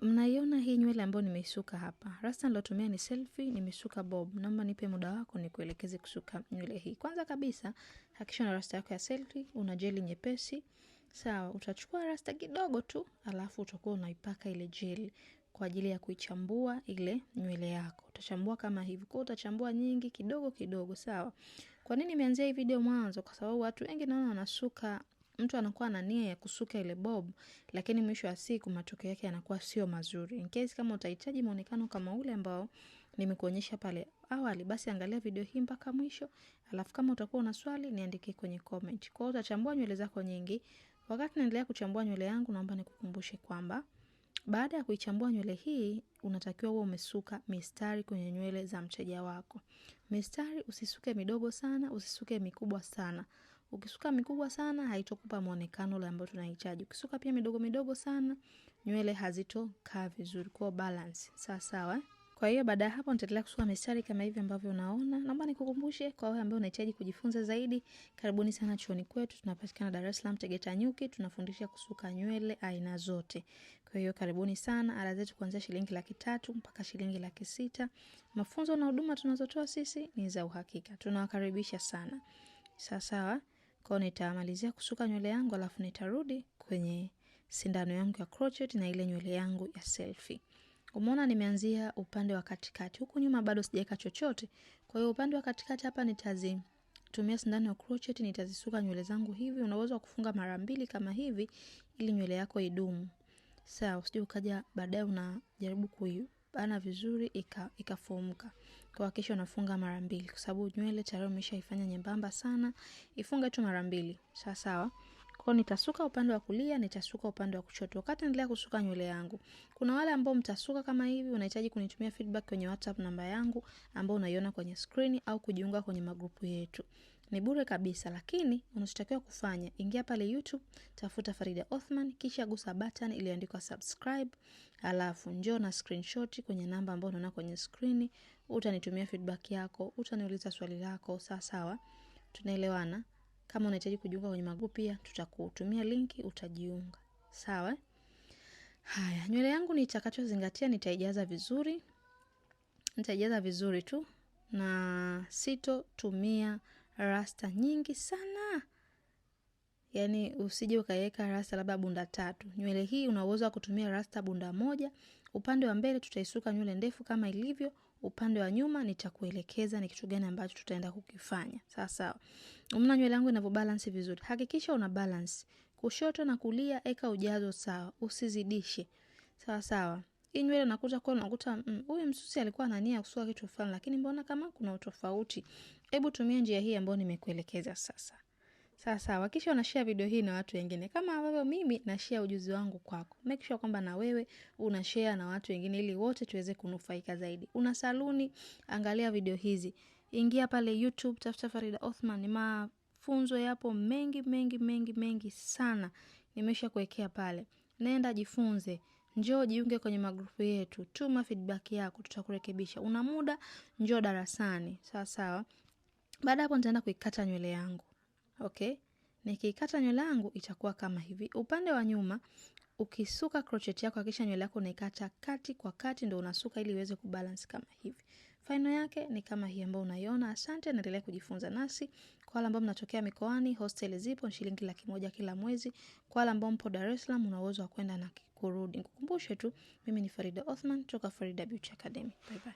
Mnaiona hii nywele ambayo nimeisuka hapa. Rasta nilotumia ni selfie, nimesuka bob. Naomba nipe muda wako nikuelekeze kusuka nywele hii. Kwanza kabisa, hakikisha na rasta yako ya selfie, una jeli nyepesi. Sawa, utachukua rasta kidogo tu, alafu utakuwa unaipaka ile jeli kwa ajili ya kuichambua ile nywele yako. Utachambua kama hivi. Kwa utachambua nyingi kidogo kidogo, sawa. Kwa nini nimeanzia hii video mwanzo? Kwa sababu watu wengi naona wanasuka mtu anakuwa na nia ya kusuka ile bob, lakini mwisho wa siku matokeo yake yanakuwa sio mazuri. In case kama utahitaji muonekano kama ule ambao nimekuonyesha pale awali, basi angalia video hii mpaka mwisho, alafu kama utakuwa una swali niandikie kwenye comment. Kwa hiyo utachambua nywele zako nyingi. Wakati naendelea kuchambua nywele yangu, naomba nikukumbushe kwamba baada ya kuichambua nywele hii unatakiwa uwe umesuka mistari kwenye nywele za mteja wako. Mistari usisuke midogo sana, usisuke mikubwa sana. Ukisuka mikubwa sana haitokupa muonekano ule ambao tunahitaji. Ukisuka pia midogo midogo sana, nywele hazitokaa vizuri, kwa balance sawa sawa. Kwa hiyo baada ya hapo nitaendelea kusuka mistari kama hivi ambavyo unaona. Naomba nikukumbushe kwa wewe ambaye unahitaji kujifunza zaidi, karibuni sana chuoni kwetu. Tunapatikana Dar es Salaam Tegeta Nyuki, tunafundisha kusuka nywele aina zote. Kwa hiyo karibuni sana. Ada zetu kuanzia shilingi laki tatu mpaka shilingi laki sita. Mafunzo na huduma tunazotoa sisi ni za uhakika, tunawakaribisha sana sawa sawa. Kwao nitamalizia kusuka nywele yangu alafu nitarudi kwenye sindano yangu ya crochet na ile nywele yangu ya selfie. Umeona nimeanzia upande wa katikati. Huku nyuma bado sijaweka chochote. Kwa hiyo upande wa katikati hapa nitazi tumia sindano ya crochet nitazisuka nywele zangu hivi. unaweza kufunga mara mbili kama hivi ili nywele yako idumu. Sawa, usije ukaja baadaye unajaribu bana vizuri ikafumuka ika kwa kesho mara mbili kwa sababu nywele tayari umeshaifanya nyembamba sana ifunge tu mara mbili sawa sawa kwa nitasuka upande wa kulia, nitasuka upande wa kushoto. Wakati endelea kusuka nywele yangu, kuna wale ambao mtasuka kama hivi, unahitaji kunitumia feedback kwenye WhatsApp namba yangu ambao unaiona kwenye screen au kujiunga kwenye magrupu yetu ni bure kabisa, lakini unachotakiwa kufanya, ingia pale YouTube, tafuta Farida Othman, kisha gusa button iliyoandikwa subscribe, alafu njoo na screenshot kwenye namba ambayo unaona kwenye screen. Utanitumia feedback yako, utaniuliza swali lako, sawa sawa, tunaelewana. Kama unahitaji kujiunga kwenye magrupu pia tutakutumia linki, utajiunga. Sawa. Haya, nywele yangu nitakachozingatia, nitaijaza vizuri, nitaijaza vizuri tu na sitotumia rasta nyingi sana yaani usije ukaiweka rasta labda bunda tatu. Nywele hii una uwezo wa kutumia rasta bunda moja. Upande wa mbele tutaisuka nywele ndefu kama ilivyo, upande wa nyuma nitakuelekeza ni kitu gani ambacho tutaenda kukifanya. Sawa sawa. umna nywele yangu inavyo balance vizuri. Hakikisha una balance. Kushoto na kulia eka ujazo sawa, usizidishe. Sawa sawa hii nywele nakuta kwa mm, nakuta huyu mm, msusi alikuwa anania kusua kitu fulani, lakini mbona kama kuna utofauti. Hebu tumia njia hii ambayo nimekuelekeza sasa. sawa Sasa wakisha unashare video hii na watu wengine kama ambavyo mimi na share ujuzi wangu kwako. Make sure kwamba na wewe una share na watu wengine ili wote tuweze kunufaika zaidi. Una saluni, angalia video hizi. Ingia pale YouTube, tafuta Farida Othman, ni mafunzo yapo mengi mengi mengi mengi sana. Nimesha kuwekea pale. Nenda jifunze njoo jiunge kwenye magrupu yetu, tuma feedback yako, tutakurekebisha. Una muda, njoo darasani, sawa sawa. Baada hapo nitaenda kuikata nywele yangu, okay. Nikiikata nywele yangu itakuwa kama hivi, upande wa nyuma ukisuka crochet yako, hakisha nywele yako unaikata kati kwa kati, ndio unasuka ili iweze kubalance kama hivi. faino yake ni kama hii ambayo unaiona. Asante, naendelea kujifunza nasi. Kwa wale ambao mnatokea mikoani, hosteli zipo shilingi laki moja kila mwezi. Kwa wale ambao mpo Dar es Salaam, una uwezo wa kwenda na kurudi. Nikukumbushe tu, mimi ni Farida Othman toka Farida Beauty Academy. Bye bye.